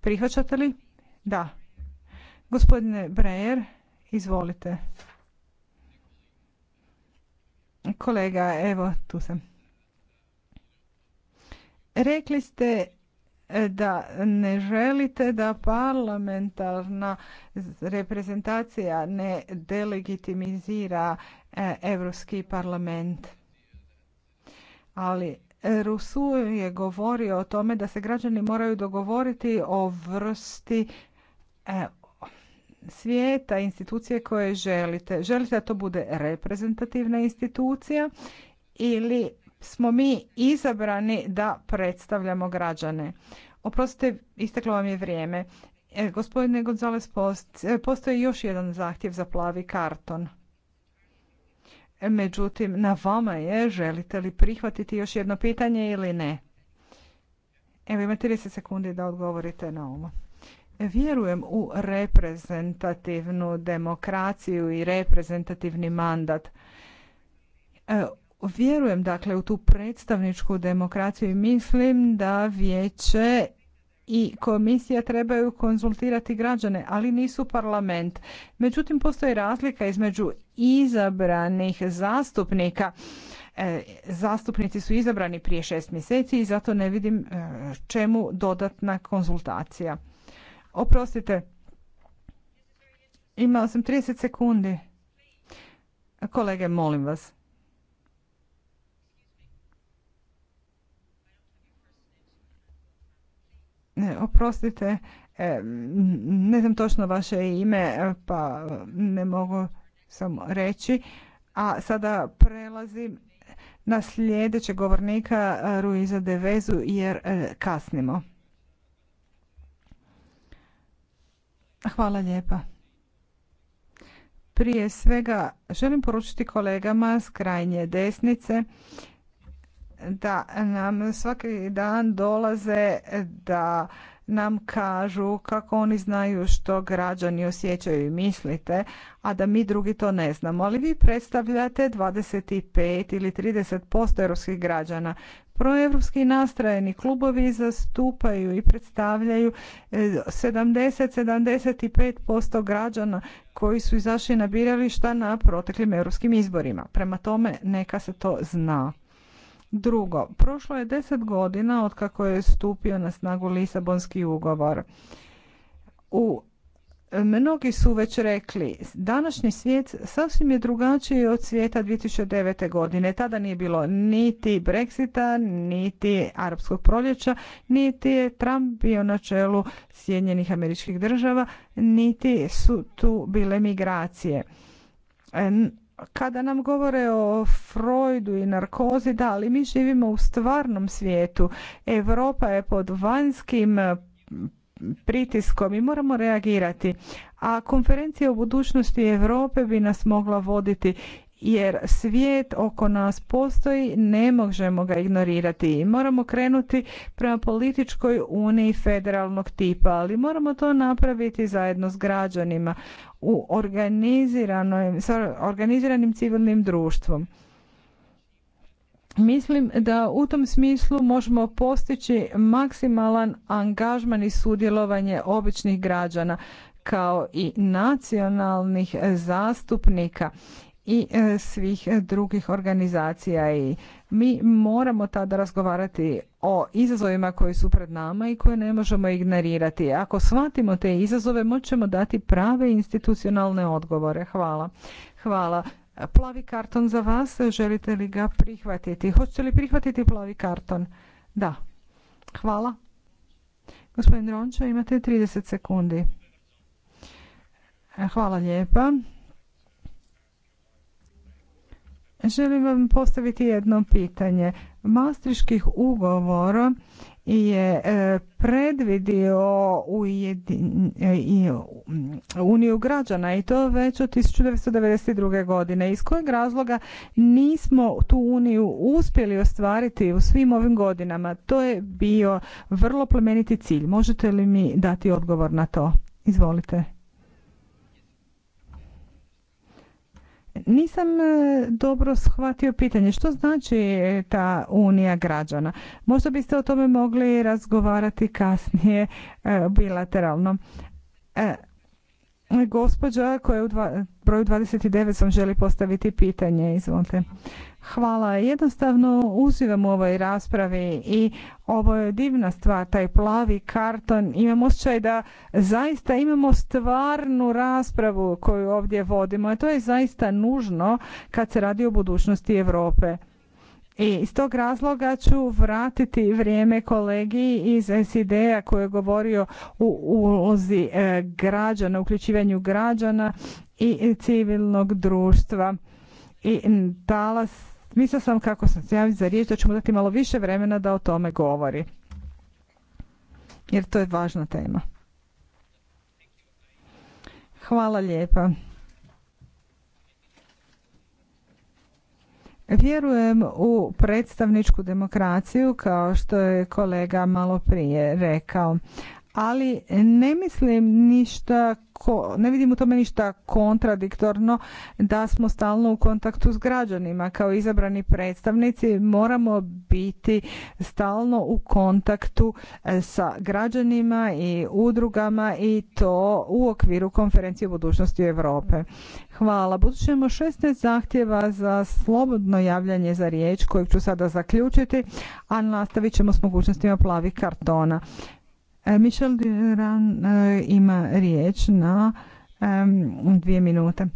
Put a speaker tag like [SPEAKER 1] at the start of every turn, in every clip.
[SPEAKER 1] Prihvaćate li? Da. Gospodine Breyer, izvolite. Kolega, evo, tu sam. Rekli ste e, da ne želite da parlamentarna reprezentacija ne delegitimizira Europski parlament. Ali Rusu je govorio o tome da se građani moraju dogovoriti o vrsti e, svijeta, institucije koje želite. Želite da to bude reprezentativna institucija ili smo mi izabrani da predstavljamo građane? Oprostite, isteklo vam je vrijeme. E, gospodine Gonzales, e, postoji još jedan zahtjev za plavi karton. Međutim, na vama je, želite li prihvatiti još jedno pitanje ili ne? Evo ima 30 sekundi da odgovorite na ovo. Vjerujem u reprezentativnu demokraciju i reprezentativni mandat. E, vjerujem dakle u tu predstavničku demokraciju i mislim da vijeće i komisija trebaju konzultirati građane, ali nisu parlament. Međutim, postoji razlika između izabranih zastupnika. E, zastupnici su izabrani prije šest mjeseci i zato ne vidim e, čemu dodatna konzultacija. Oprostite, imao sam 30 sekundi. Kolege, molim vas. Oprostite, e, ne znam točno vaše ime, e, pa ne mogu samo reći. A sada prelazim na sljedećeg govornika e, Ruiza vezu jer kasnimo. Hvala lijepa. Prije svega želim poručiti kolegama s krajnje desnice da nam svaki dan dolaze da nam kažu kako oni znaju što građani osjećaju i mislite, a da mi drugi to ne znamo. Ali vi predstavljate 25 ili 30% europskih građana. Proevropski nastrojeni klubovi zastupaju i predstavljaju 70-75% e, građana koji su izašli na birališta na proteklim europskim izborima. Prema tome neka se to zna. Drugo, prošlo je deset godina od kako je stupio na snagu Lisabonski ugovor. U Mnogi su već rekli, današnji svijet sasvim je drugačiji od svijeta 2009. godine. Tada nije bilo niti Brexita, niti Arapskog proljeća, niti je Trump bio na čelu Sjedinjenih američkih država, niti su tu bile migracije kada nam govore o Freudu i narkozi, da, ali mi živimo u stvarnom svijetu. Europa je pod vanjskim eh, pritiskom i moramo reagirati. A konferencija o budućnosti Europe bi nas mogla voditi jer svijet oko nas postoji, ne možemo ga ignorirati i moramo krenuti prema političkoj uniji federalnog tipa, ali moramo to napraviti zajedno s građanima u organiziranim, organiziranim civilnim društvom. Mislim da u tom smislu možemo postići maksimalan angažman i sudjelovanje običnih građana kao i nacionalnih zastupnika i e, svih drugih organizacija i mi moramo tada razgovarati o izazovima koji su pred nama i koje ne možemo ignorirati. Ako shvatimo te izazove, moćemo dati prave institucionalne odgovore. Hvala. Hvala. Plavi karton za vas, želite li ga prihvatiti? Hoćete li prihvatiti plavi karton? Da. Hvala. Gospodin Ronča, imate 30 sekundi. Hvala lijepa. Želim vam postaviti jedno pitanje. Maastriških ugovora je e, predvidio e, Uniju građana i to već od 1992. godine. Iz kojeg razloga nismo tu Uniju uspjeli ostvariti u svim ovim godinama? To je bio vrlo plemeniti cilj. Možete li mi dati odgovor na to? Izvolite. Nisam e, dobro shvatio pitanje što znači e, ta unija građana. Možda biste o tome mogli razgovarati kasnije e, bilateralno. Gospođa koja je u broju 29 sam želi postaviti pitanje. Izvolite. Hvala. Jednostavno uzivam u ovoj raspravi i ovo je divna stvar, taj plavi karton. Imam osjećaj da zaista imamo stvarnu raspravu koju ovdje vodimo, a to je zaista nužno kad se radi o budućnosti Europe. I iz tog razloga ću vratiti vrijeme kolegi iz SID-a koji je govorio u ulozi e, građana, uključivanju građana i civilnog društva i dala, mislio sam kako sam se javiti za riječ da ćemo dati malo više vremena da o tome govori. Jer to je važna tema. Hvala lijepa. Vjerujem u predstavničku demokraciju kao što je kolega malo prije rekao, ali ne mislim ništa ko, ne vidim u tome ništa kontradiktorno da smo stalno u kontaktu s građanima. Kao izabrani predstavnici moramo biti stalno u kontaktu e, sa građanima i udrugama i to u okviru konferencije o budućnosti Europe. Hvala. Budući imamo 16 zahtjeva za slobodno javljanje za riječ kojeg ću sada zaključiti, a nastavit ćemo s mogućnostima plavih kartona. E, Michel Duran e, ima riječ na dvije minute.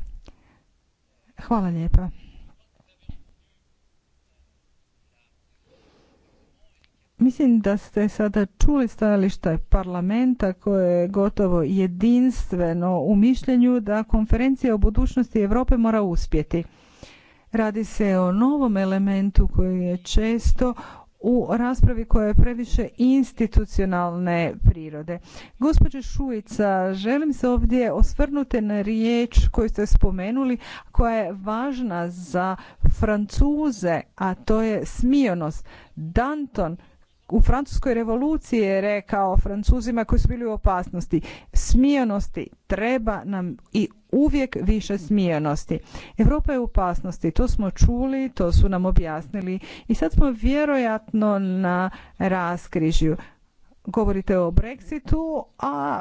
[SPEAKER 1] Hvala lijepa. Mislim da ste sada čuli stajališta parlamenta koje je gotovo jedinstveno u mišljenju da konferencija o budućnosti Europe mora uspjeti. Radi se o novom elementu koji je često u raspravi koja je previše institucionalne prirode. Gospođo Šuica, želim se ovdje osvrnuti na riječ koju ste spomenuli, koja je važna za Francuze, a to je smijonost. Danton u Francuskoj revoluciji je rekao Francuzima koji su bili u opasnosti, smijenosti treba nam i uvijek više smijenosti. Europa je u opasnosti, to smo čuli, to su nam objasnili i sad smo vjerojatno na raskrižju. Govorite o Brexitu, a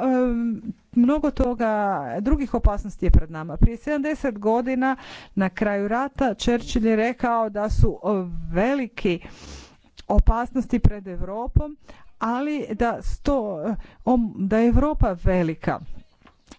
[SPEAKER 1] mnogo toga drugih opasnosti je pred nama. Prije 70 godina na kraju rata Churchill je rekao da su veliki opasnosti pred Europom, ali da, sto, da je Europa velika.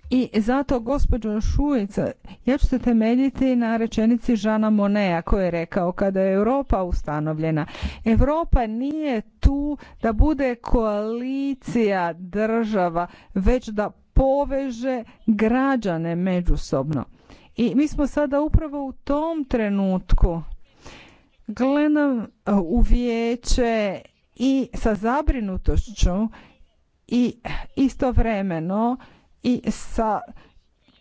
[SPEAKER 1] I zato, gospođo Šujica, ja ću se temeljiti na rečenici Žana Monea koji je rekao kada je Europa ustanovljena. Europa nije tu da bude koalicija država, već da poveže građane međusobno. I mi smo sada upravo u tom trenutku gledam e, u vijeće i sa zabrinutošću i istovremeno i sa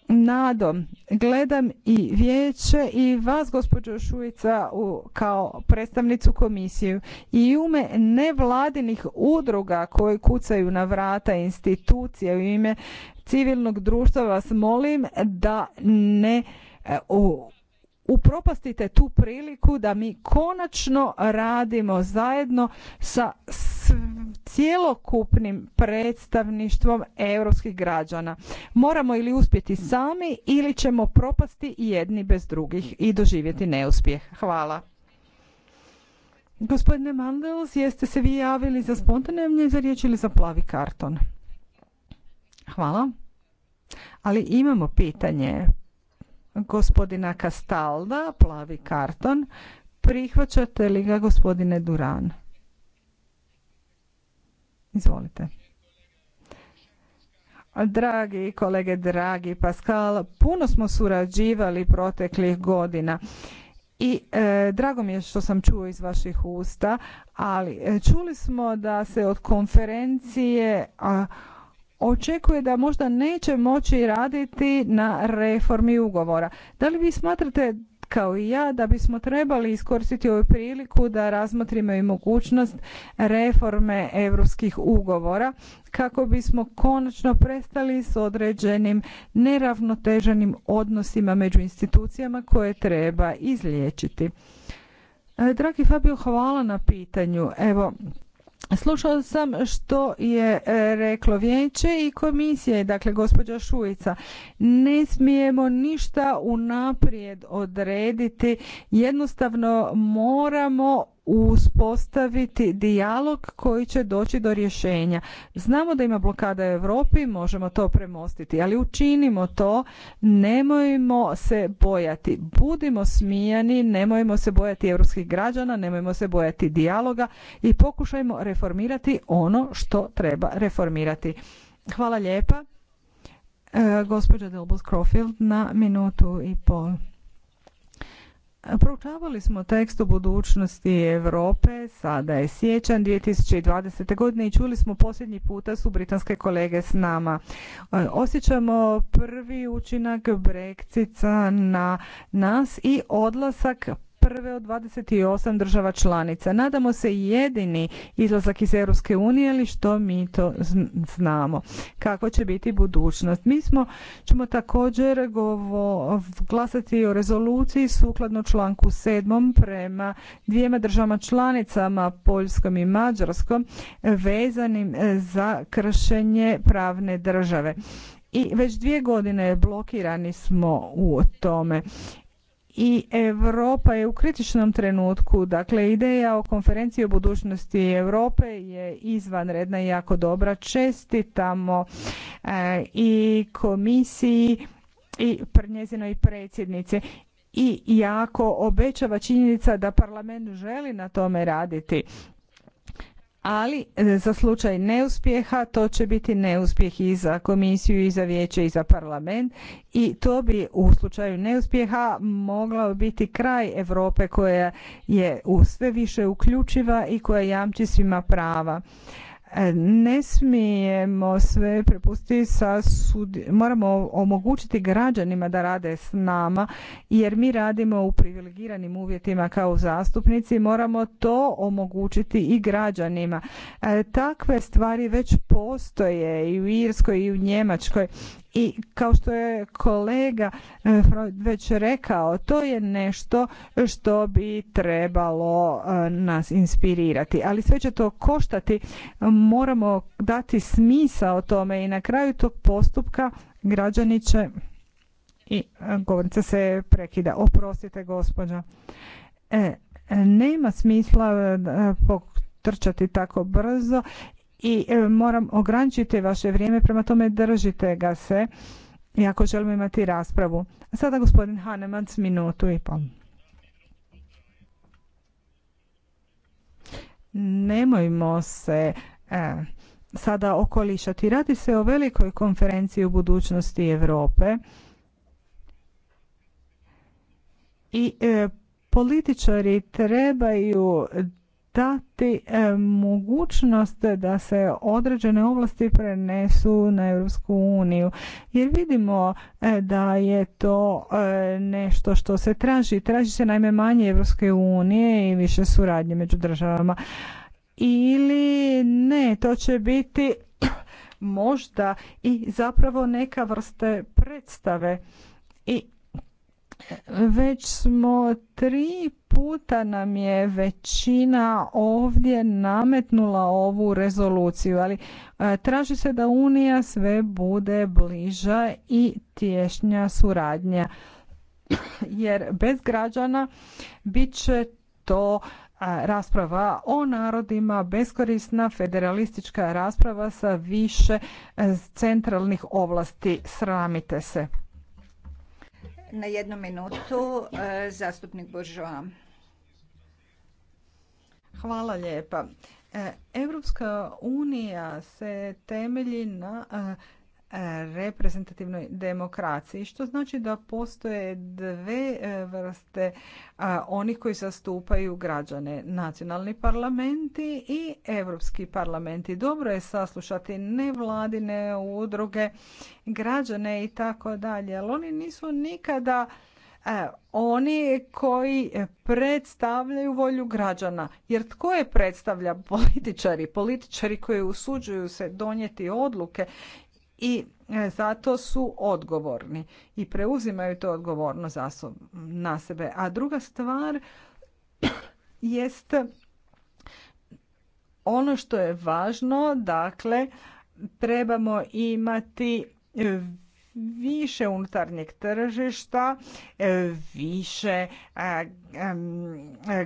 [SPEAKER 1] nadom gledam i vijeće i vas gospođo Šuica u, kao predstavnicu komisiju i ume nevladinih udruga koje kucaju na vrata institucija u ime civilnog društva vas molim da ne e, u, upropastite tu priliku da mi konačno radimo zajedno sa cjelokupnim predstavništvom europskih građana. Moramo ili uspjeti sami ili ćemo propasti jedni bez drugih i doživjeti neuspjeh. Hvala. Gospodine Mandels, jeste se vi javili za spontanevnje za riječ ili za plavi karton? Hvala. Ali imamo pitanje gospodina Kastalda, plavi karton. Prihvaćate li ga gospodine Duran? Izvolite. Dragi kolege, dragi Pascal, puno smo surađivali proteklih godina i e, drago mi je što sam čuo iz vaših usta, ali e, čuli smo da se od konferencije a, očekuje da možda neće moći raditi na reformi ugovora. Da li vi smatrate kao i ja da bismo trebali iskoristiti ovu priliku da razmotrimo i mogućnost reforme europskih ugovora kako bismo konačno prestali s određenim neravnoteženim odnosima među institucijama koje treba izliječiti. E, dragi Fabio, hvala na pitanju. Evo, Slušao sam što je e, reklo vijeće i komisije, dakle gospođa Šuica. Ne smijemo ništa unaprijed odrediti, jednostavno moramo uspostaviti dijalog koji će doći do rješenja. Znamo da ima blokada u Europi, možemo to premostiti, ali učinimo to, nemojmo se bojati. Budimo smijani, nemojmo se bojati europskih građana, nemojmo se bojati dijaloga i pokušajmo reformirati ono što treba reformirati. Hvala lijepa. E, gospođa Delbos crawfield na minutu i pol. Proučavali smo tekst o budućnosti Europe, sada je sjećan 2020. godine i čuli smo posljednji puta su britanske kolege s nama. E, osjećamo prvi učinak Brexita na nas i odlasak prve od 28 država članica. Nadamo se jedini izlazak iz Europske unije, ali što mi to znamo. Kako će biti budućnost? Mi smo, ćemo također glasati o rezoluciji sukladno članku 7 prema dvijema državama članicama, Poljskom i Mađarskom, vezanim e, za kršenje pravne države i već dvije godine blokirani smo u tome i Europa je u kritičnom trenutku. Dakle, ideja o konferenciji o budućnosti Europe je izvanredna i jako dobra. Čestitamo eh, i komisiji i njezinoj predsjednici i jako obećava činjenica da parlament želi na tome raditi ali e, za slučaj neuspjeha to će biti neuspjeh i za komisiju i za vijeće i za parlament i to bi u slučaju neuspjeha mogla biti kraj Europe koja je sve više uključiva i koja jamči svima prava. Ne smijemo sve prepustiti sa sud... Moramo omogućiti građanima da rade s nama jer mi radimo u privilegiranim uvjetima kao zastupnici. Moramo to omogućiti i građanima. E, takve stvari već postoje i u Irskoj i u Njemačkoj i kao što je kolega e, već rekao, to je nešto što bi trebalo e, nas inspirirati. Ali sve će to koštati, moramo dati smisao tome i na kraju tog postupka građani će i e, govornica se prekida. Oprostite gospođa. E, nema smisla trčati tako brzo i e, moram ograničiti vaše vrijeme, prema tome držite ga se i ako želimo imati raspravu. Sada gospodin Hanemac, minutu i pol. Nemojmo se e, sada okolišati. Radi se o velikoj konferenciji u budućnosti Europe i e, političari trebaju dati e, mogućnost da se određene ovlasti prenesu na Europsku uniju. Jer vidimo e, da je to e, nešto što se traži. Traži se najme manje Europske unije i više suradnje među državama. Ili ne, to će biti možda i zapravo neka vrste predstave. I već smo tri puta nam je većina ovdje nametnula ovu rezoluciju, ali e, traži se da Unija sve bude bliža i tješnja suradnja. Jer bez građana bit će to rasprava o narodima, beskorisna federalistička rasprava sa više e, centralnih ovlasti. Sramite se. Na jednu minutu, e, zastupnik Buržoa. Hvala lijepa. E, Europska unija se temelji na e, reprezentativnoj demokraciji, što znači da postoje dve e, vrste onih koji zastupaju građane, nacionalni parlamenti i europski parlamenti. Dobro je saslušati nevladine udruge, građane i tako dalje, ali oni nisu nikada e, oni koji predstavljaju volju građana. Jer tko je predstavlja? Političari. Političari koji usuđuju se donijeti odluke i e, zato su odgovorni i preuzimaju to odgovornost na sebe. A druga stvar jest ono što je važno, dakle, trebamo imati više unutarnjeg tržišta, e, više e,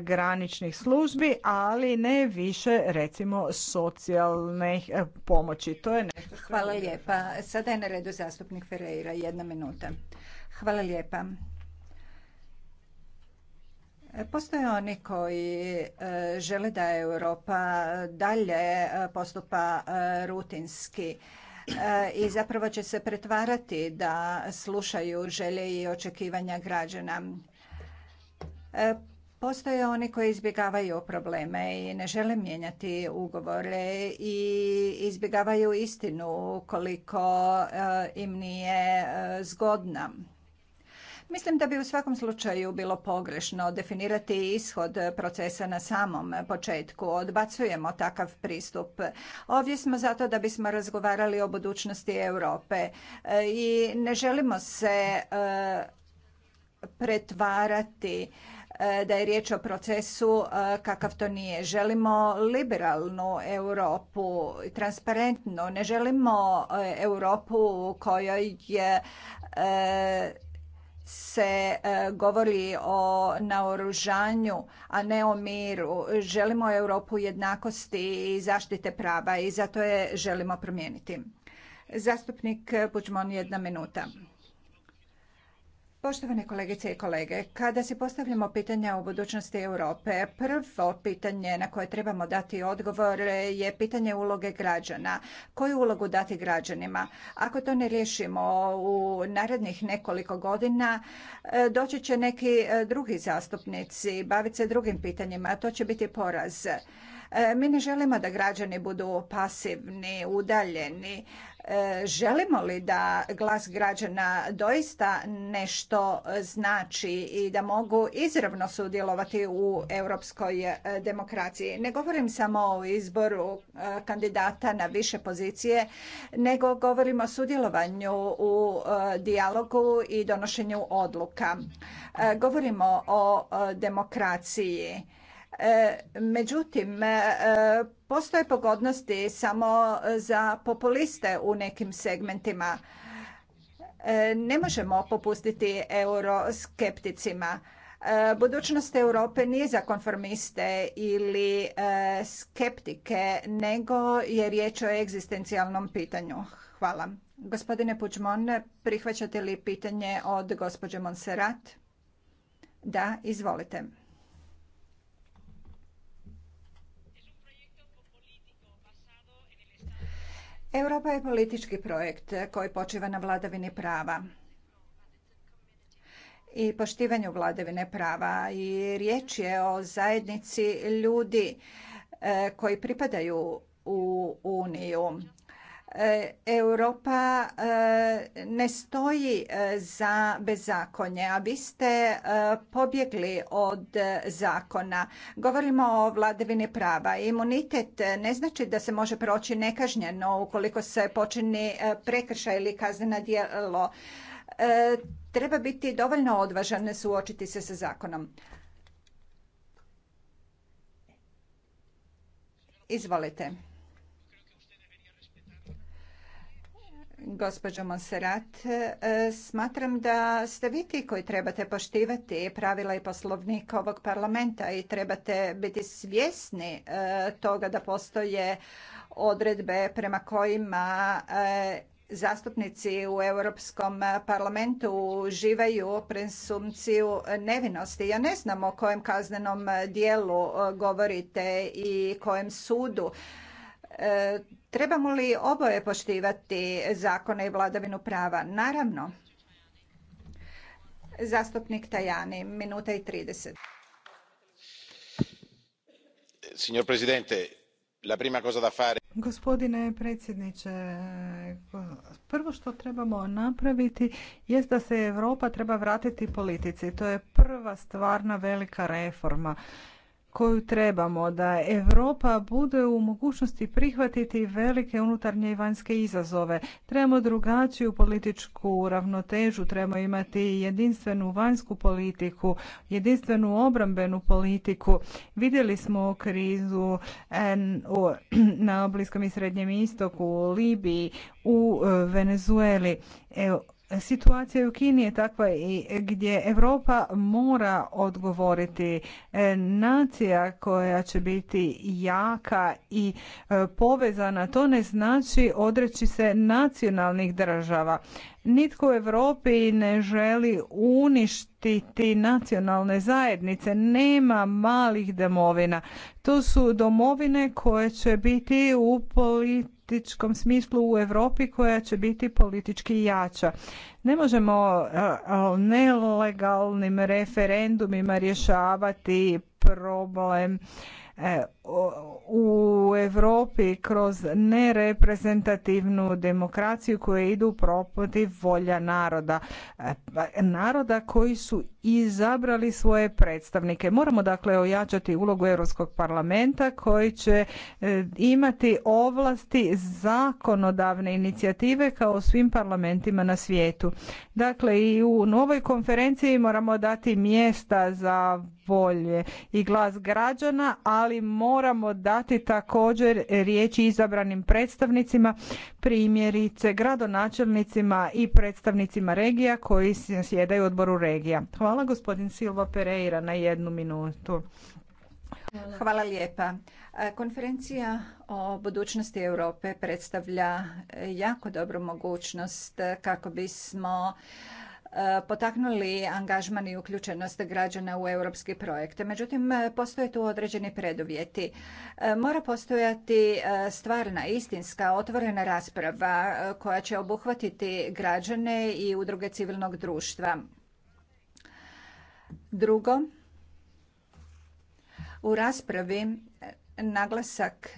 [SPEAKER 1] graničnih službi, ali ne više recimo socijalnih e, pomoći. To je nešto Hvala
[SPEAKER 2] lijepa. Sada je na redu zastupnik Ferreira, jedna minuta. Hvala lijepa. Postoje oni koji žele da Europa dalje postupa rutinski i zapravo će se pretvarati da slušaju želje i očekivanja građana. E, postoje oni koji izbjegavaju probleme i ne žele mijenjati ugovore i izbjegavaju istinu koliko e, im nije e, zgodna. Mislim da bi u svakom slučaju bilo pogrešno definirati ishod procesa na samom početku. Odbacujemo takav pristup. Ovdje smo zato da bismo razgovarali o budućnosti Europe e, i ne želimo se e, pretvarati e, da je riječ o procesu kakav to nije. Želimo liberalnu Europu, transparentnu. Ne želimo Europu u kojoj je se e, govori o naoružanju, a ne o miru. Želimo Europu jednakosti i zaštite prava i zato je želimo promijeniti. Zastupnik puđman jedna minuta. Poštovane kolegice i kolege, kada si postavljamo pitanja o budućnosti Europe, prvo pitanje na koje trebamo dati odgovor je pitanje uloge građana. Koju ulogu dati građanima? Ako to ne riješimo u narednih nekoliko godina, e, doći će neki e, drugi zastupnici, baviti se drugim pitanjima, a to će biti poraz. E, mi ne želimo da građani budu pasivni, udaljeni. E, želimo li da glas građana doista nešto znači i da mogu izravno sudjelovati u europskoj e, demokraciji? Ne govorim samo o izboru kandidata na više pozicije, nego govorim o sudjelovanju u dijalogu i donošenju odluka. Govorimo o demokraciji E, međutim, e, postoje pogodnosti samo za populiste u nekim segmentima. E, ne možemo popustiti euroskepticima. Budućnost Europe nije za konformiste ili skeptike, nego je riječ o egzistencijalnom pitanju. Hvala. Gospodine Puđmon, prihvaćate li pitanje od gospođe Monserrat? Da, izvolite. Europa je politički projekt koji počiva na vladavini prava i poštivanju vladavine prava i riječ je o zajednici ljudi eh, koji pripadaju u Uniju E, Europa e, ne stoji e, za bezakonje, a vi ste pobjegli od zakona. Govorimo o vladavini prava. Imunitet ne znači da se može proći nekažnjeno ukoliko se počini prekršaj ili kazneno djelo. Treba biti dovoljno odvažan suočiti se sa zakonom. Izvolite. Gospođo Monserrat, e, smatram da ste vi ti koji trebate poštivati pravila i poslovnik ovog parlamenta i trebate biti svjesni e, toga da postoje odredbe prema kojima e, zastupnici u Europskom parlamentu uživaju presumpciju nevinosti. Ja ne znam o kojem kaznenom dijelu govorite i kojem sudu. Trebamo li oboje poštivati zakone i vladavinu prava? Naravno. Zastupnik Tajani, minuta i 30. Signor Presidente, la prima cosa da fare...
[SPEAKER 1] Gospodine predsjedniče, prvo što trebamo napraviti jest da se Europa treba vratiti politici. To je prva stvarna velika reforma koju trebamo, da Europa bude u mogućnosti prihvatiti velike unutarnje i vanjske izazove. Trebamo drugačiju političku ravnotežu, trebamo imati jedinstvenu vanjsku politiku, jedinstvenu obrambenu politiku. Vidjeli smo krizu na Bliskom i Srednjem istoku, u Libiji, u e, Venezueli. E, Situacija u Kini je takva i gdje Europa mora odgovoriti. E, nacija koja će biti jaka i e, povezana, to ne znači odreći se nacionalnih država. Nitko u Europi ne želi uništiti nacionalne zajednice, nema malih domovina. To su domovine koje će biti u politici političkom smislu u Europi koja će biti politički jača. Ne možemo nelegalnim referendumima rješavati problem E, u Europi kroz nereprezentativnu demokraciju koje idu protiv volja naroda. E, pa, naroda koji su izabrali svoje predstavnike. Moramo dakle ojačati ulogu Europskog parlamenta koji će e, imati ovlasti zakonodavne inicijative kao svim parlamentima na svijetu. Dakle i u novoj konferenciji moramo dati mjesta za volje i glas građana, a ali moramo dati također riječi izabranim predstavnicima, primjerice gradonačelnicima i predstavnicima regija koji sjedaju u odboru regija. Hvala gospodin Silva Pereira na jednu minutu.
[SPEAKER 2] Hvala. Hvala lijepa. Konferencija o budućnosti Europe predstavlja jako dobru mogućnost kako bismo potaknuli angažman i uključenost građana u europske projekte. Međutim, postoje tu određeni preduvjeti. E, mora postojati e, stvarna, istinska, otvorena rasprava e, koja će obuhvatiti građane i udruge civilnog društva. Drugo, u raspravi naglasak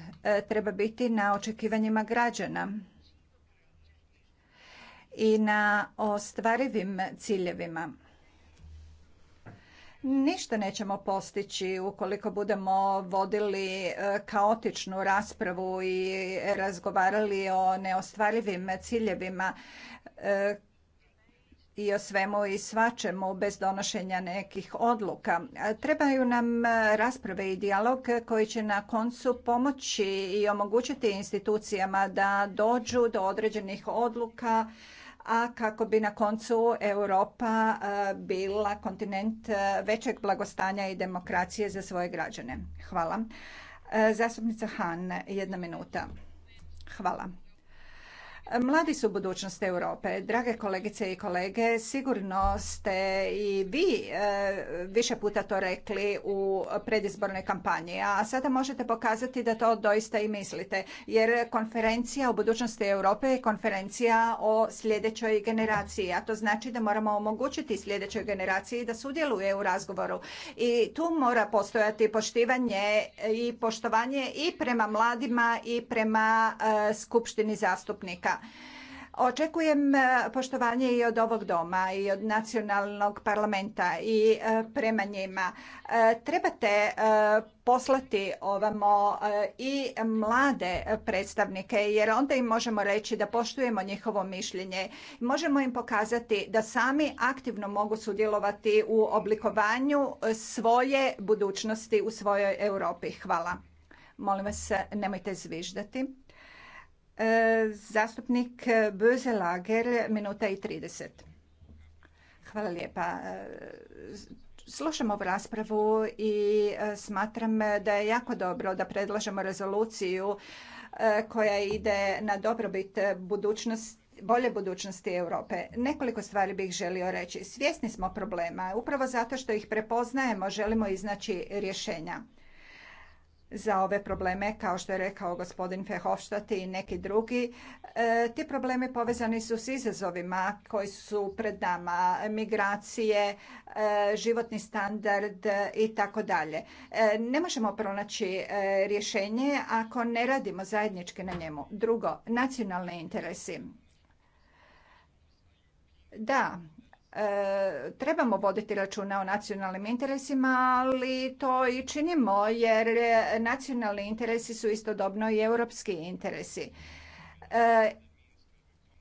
[SPEAKER 2] treba biti na očekivanjima građana i na ostvarivim ciljevima. Ništa nećemo postići ukoliko budemo vodili e, kaotičnu raspravu i razgovarali o neostvarivim ciljevima e, i o svemu i svačemu bez donošenja nekih odluka. Trebaju nam rasprave i dijalog koji će na koncu pomoći i omogućiti institucijama da dođu do određenih odluka, a kako bi na koncu Europa e, bila kontinent e, većeg blagostanja i demokracije za svoje građane. Hvala. E, zastupnica Han, jedna minuta. Hvala. Mladi su budućnost Europe. Drage kolegice i kolege, sigurno ste i vi e, više puta to rekli u predizbornoj kampanji, a sada možete pokazati da to doista i mislite, jer konferencija o budućnosti Europe je konferencija o sljedećoj generaciji, a to znači da moramo omogućiti sljedećoj generaciji da sudjeluje u razgovoru. I tu mora postojati poštivanje i poštovanje i prema mladima i prema e, skupštini zastupnika. Očekujem e, poštovanje i od ovog doma i od nacionalnog parlamenta i e, prema njima. E, trebate poslati ovamo i mlade predstavnike jer onda im možemo reći da poštujemo njihovo mišljenje. Možemo im pokazati da sami aktivno mogu sudjelovati u oblikovanju svoje budućnosti u svojoj Europi. Hvala. Molim vas nemojte zviždati. Zastupnik Lager, minuta i 30. Hvala lijepa. Slušam ovu raspravu i e, smatram da je jako dobro da predlažemo rezoluciju e, koja ide na dobrobit budućnosti bolje budućnosti Europe. Nekoliko stvari bih želio reći. Svjesni smo problema. Upravo zato što ih prepoznajemo, želimo iznaći rješenja za ove probleme, kao što je rekao gospodin Fehofstadt i neki drugi. E, ti problemi povezani su s izazovima koji su pred nama, migracije, e, životni standard i tako dalje. E, ne možemo pronaći rješenje ako ne radimo zajednički na njemu. Drugo, nacionalne interesi. Da, E, trebamo voditi računa o nacionalnim interesima, ali to i činimo jer nacionalni interesi su istodobno i europski interesi. E,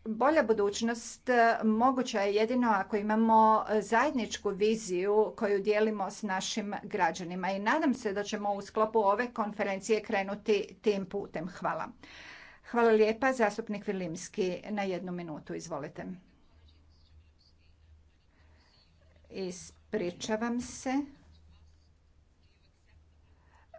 [SPEAKER 2] bolja budućnost e, moguća je jedino ako imamo zajedničku viziju koju dijelimo s našim građanima i nadam se da ćemo u sklopu ove konferencije krenuti tim putem. Hvala. Hvala lijepa. Zastupnik Vilimski na jednu minutu. Izvolite. Ispričavam se.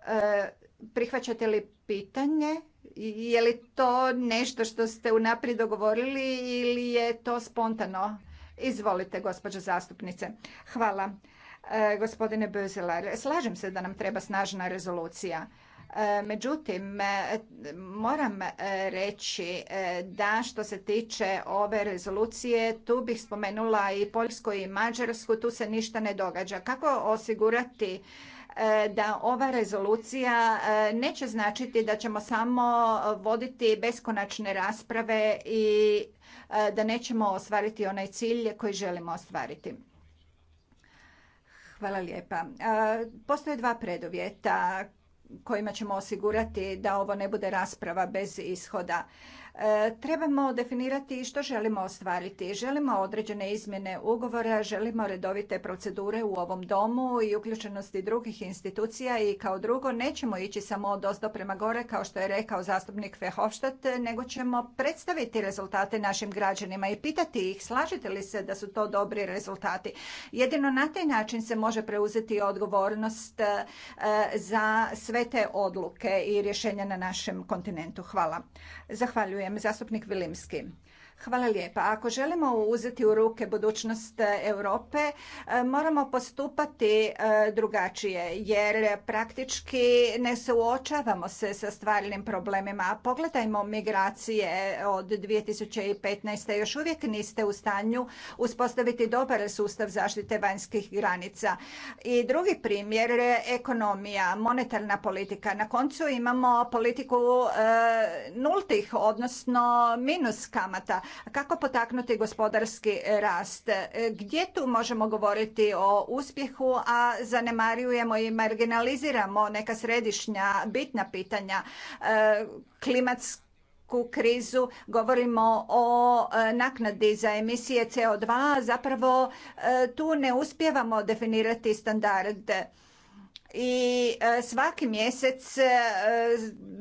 [SPEAKER 2] E, prihvaćate li pitanje? Je li to nešto što ste unaprijed dogovorili ili je to spontano? Izvolite, gospođo zastupnice. Hvala, e, gospodine Bözeler. Slažem se da nam treba snažna rezolucija E, međutim, e, moram e, reći da što se tiče ove rezolucije, tu bih spomenula i Poljsku i Mađarsku, tu se ništa ne događa. Kako osigurati da ova rezolucija neće značiti da ćemo samo voditi beskonačne rasprave i da nećemo ostvariti onaj cilj koji želimo ostvariti. Hvala lijepa. Postoje dva preduvjeta kojima ćemo osigurati da ovo ne bude rasprava bez ishoda. E, trebamo definirati što želimo ostvariti. Želimo određene izmjene ugovora, želimo redovite procedure u ovom domu i uključenosti drugih institucija i kao drugo nećemo ići samo od prema gore kao što je rekao zastupnik fehofštat nego ćemo predstaviti rezultate našim građanima i pitati ih slažete li se da su to dobri rezultati. Jedino na taj način se može preuzeti odgovornost e, za sve te odluke i rješenja na našem kontinentu. Hvala. Zahvaljujem Zahvaljujem. Zastupnik Vilimski. Hvala lijepa. Ako želimo uzeti u ruke budućnost e, Europe, e, moramo postupati e, drugačije, jer praktički ne suočavamo se sa stvarnim problemima. Pogledajmo migracije od 2015. Još uvijek niste u stanju uspostaviti dobar sustav zaštite vanjskih granica. I drugi primjer, ekonomija, monetarna politika. Na koncu imamo politiku nultih, odnosno minus kamata kako potaknuti gospodarski rast. E, gdje tu možemo govoriti o uspjehu, a zanemarujemo i marginaliziramo neka središnja bitna pitanja e, klimatsku krizu, govorimo o e, naknadi za emisije CO2, zapravo tu ne uspijevamo definirati standarde i e, svaki mjesec e,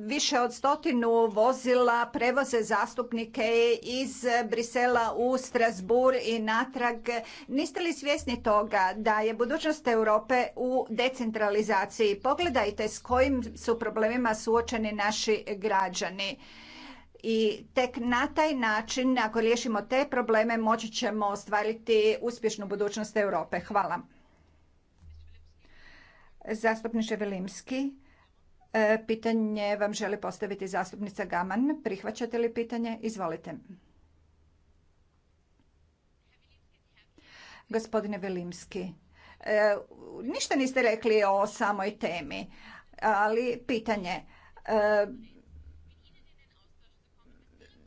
[SPEAKER 2] više od stotinu vozila prevoze zastupnike iz Brisela u Strasbourg i natrag. Niste li svjesni toga da je budućnost Europe u decentralizaciji? Pogledajte s kojim su problemima suočeni naši građani. I tek na taj način, ako riješimo te probleme, moći ćemo ostvariti uspješnu budućnost Europe. Hvala. Zastupniče Velimski, e, pitanje vam želi postaviti zastupnica Gaman. Prihvaćate li pitanje? Izvolite. Gospodine Velimski, e, ništa niste rekli o samoj temi, ali pitanje e,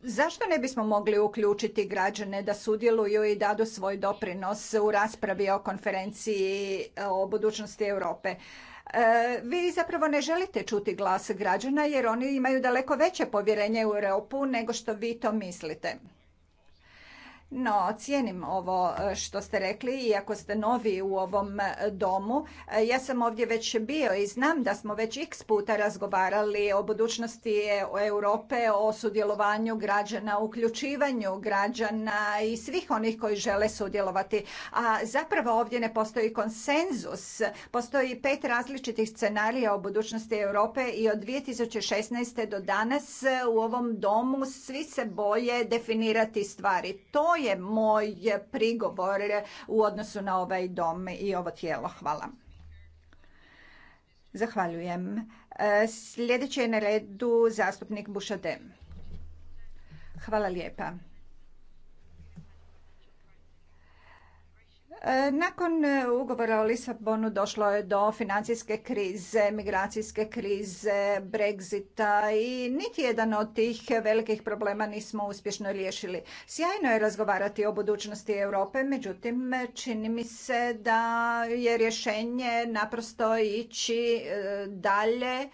[SPEAKER 2] Zašto ne bismo mogli uključiti građane da sudjeluju i dadu svoj doprinos u raspravi o konferenciji o budućnosti Europe? E, vi zapravo ne želite čuti glas građana jer oni imaju daleko veće povjerenje u Europu nego što vi to mislite. No, cijenim ovo e, što ste rekli, iako ste novi u ovom e, domu. E, ja sam ovdje već bio i znam da smo već x puta razgovarali o budućnosti Europe, o sudjelovanju građana, uključivanju građana i svih onih koji žele sudjelovati. A zapravo ovdje ne postoji konsenzus. Postoji pet različitih scenarija o budućnosti Europe i od 2016. do danas u ovom domu svi se boje definirati stvari. To je moj prigovor u odnosu na ovaj dom i ovo tijelo. Hvala. Zahvaljujem. E, sljedeći je na redu zastupnik Bušade. Hvala lijepa. Nakon e, ugovora o Lisabonu došlo je do financijske krize, migracijske krize, Brexita i niti jedan od tih velikih problema nismo uspješno riješili. Sjajno je razgovarati o budućnosti Europe, međutim čini mi se da je rješenje naprosto ići e, dalje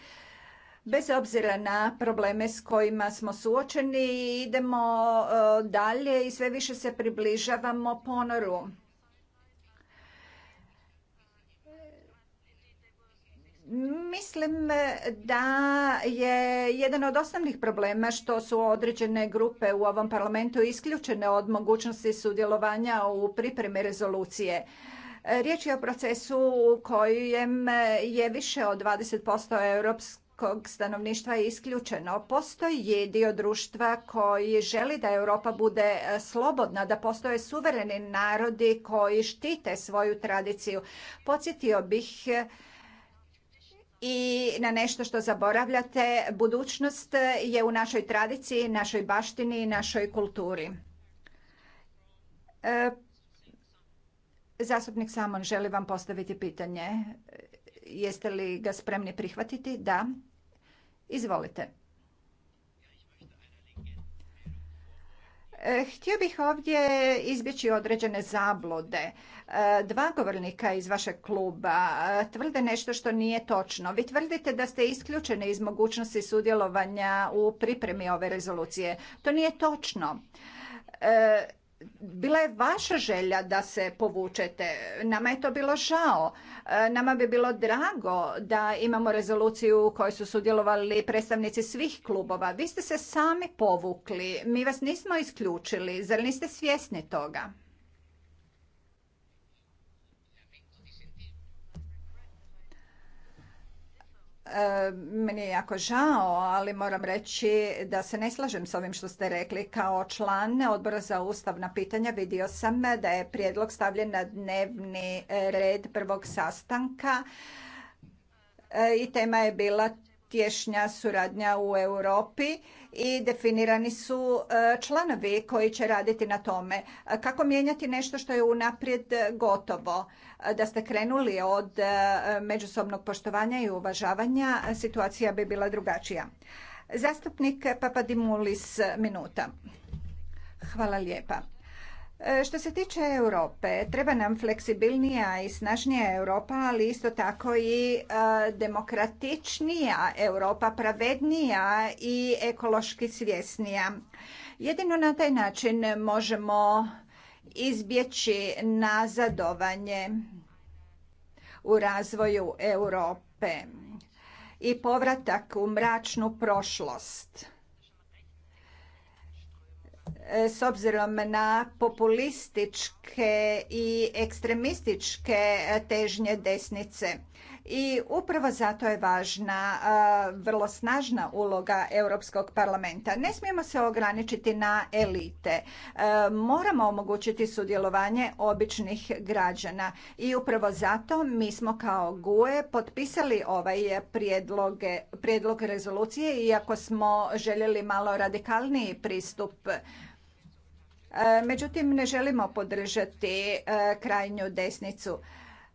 [SPEAKER 2] bez obzira na probleme s kojima smo suočeni idemo e, dalje i sve više se približavamo ponoru. Mislim eh, da je jedan od osnovnih problema što su određene grupe u ovom parlamentu isključene od mogućnosti sudjelovanja u pripremi rezolucije. Eh, riječ je o procesu u kojem eh, je više od 20% europskog stanovništva isključeno. Postoji dio društva koji želi da Europa bude slobodna, da postoje suvereni narodi koji štite svoju tradiciju. Podsjetio bih i na nešto što zaboravljate. Budućnost je u našoj tradiciji, našoj baštini i našoj kulturi. E, zastupnik Samon, želi vam postaviti pitanje. Jeste li ga spremni prihvatiti? Da. Izvolite. E, htio bih ovdje izbjeći određene zablode. E, dva govornika iz vašeg kluba e, tvrde nešto što nije točno. Vi tvrdite da ste isključeni iz mogućnosti sudjelovanja u pripremi ove rezolucije. To nije točno bila je vaša želja da se povučete. Nama je to bilo žao. E, nama bi bilo drago da imamo rezoluciju u kojoj su sudjelovali predstavnici svih klubova. Vi ste se sami povukli. Mi vas nismo isključili. Zar niste svjesni toga? Meni je jako žao, ali moram reći da se ne slažem s ovim što ste rekli. Kao član odbora za ustavna pitanja vidio sam da je prijedlog stavljen na dnevni red prvog sastanka e, i tema je bila tješnja suradnja u Europi i definirani su e, članovi koji će raditi na tome. Kako mijenjati nešto što je unaprijed gotovo? da ste krenuli od e, međusobnog poštovanja i uvažavanja, situacija bi bila drugačija. Zastupnik Papadimulis, minuta. Hvala lijepa. E, što se tiče Europe, treba nam fleksibilnija i snažnija Europa, ali isto tako i e, demokratičnija Europa, pravednija i ekološki svjesnija. Jedino na taj način možemo izbjeći nazadovanje u razvoju Europe i povratak u mračnu prošlost. S obzirom na populističke i ekstremističke težnje desnice i upravo zato je važna vrlo snažna uloga Europskog parlamenta. Ne smijemo se ograničiti na elite. Moramo omogućiti sudjelovanje običnih građana i upravo zato mi smo kao GUE potpisali ovaj prijedlog rezolucije iako smo željeli malo radikalniji pristup Međutim, ne želimo podržati krajnju desnicu.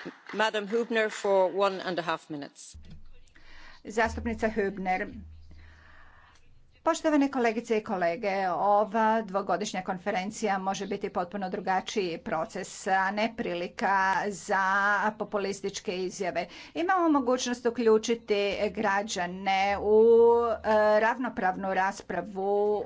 [SPEAKER 2] Zastupnice Hubner Zastupnica Poštovane kolegice i kolege, ova dvogodišnja konferencija može biti potpuno drugačiji proces, a ne prilika za populističke izjave. Imamo mogućnost uključiti građane u eh, ravnopravnu raspravu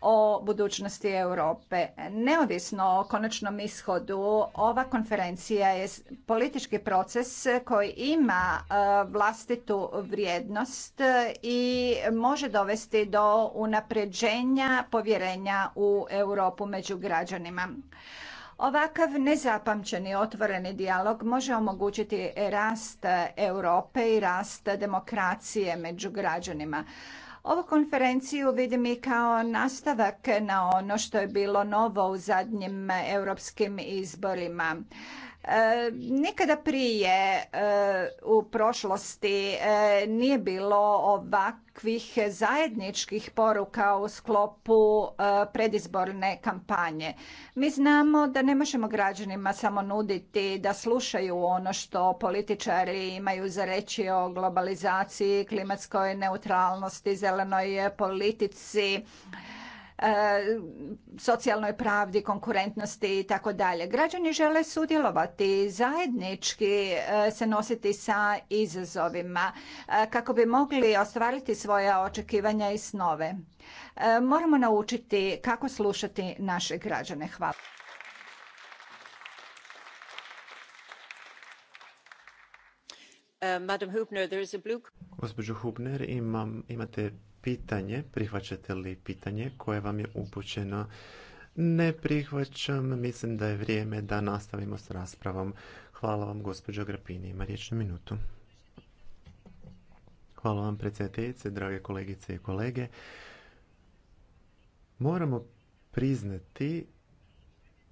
[SPEAKER 2] o budućnosti Europe. Neovisno o konačnom ishodu, ova konferencija je politički proces koji ima e, vlastitu vrijednost i može dovesti do unapređenja povjerenja u Europu među građanima. Ovakav nezapamćeni otvoreni dijalog može omogućiti rast Europe i rast demokracije među građanima. Ovu konferenciju vidim i kao nastavak na ono što je bilo novo u zadnjim europskim izborima. E, Nikada prije e, u prošlosti e, nije bilo ovakvih zajedničkih poruka u sklopu predizborne kampanje. Mi znamo da ne možemo građanima samo nuditi da slušaju ono što političari imaju za reći o globalizaciji, klimatskoj neutralnosti, zelenoj politici, E, socijalnoj pravdi, konkurentnosti i tako dalje. Građani žele sudjelovati, zajednički e, se nositi sa izazovima e, kako bi mogli ostvariti svoja očekivanja i snove. Moramo naučiti kako slušati naše građane. Hvala.
[SPEAKER 3] Hubner, imate pitanje, prihvaćate li pitanje koje vam je upućeno? Ne prihvaćam, mislim da je vrijeme da nastavimo s raspravom. Hvala vam, gospođo Grapini, ima riječ minutu. Hvala vam, predsjedateljice, drage kolegice i kolege. Moramo priznati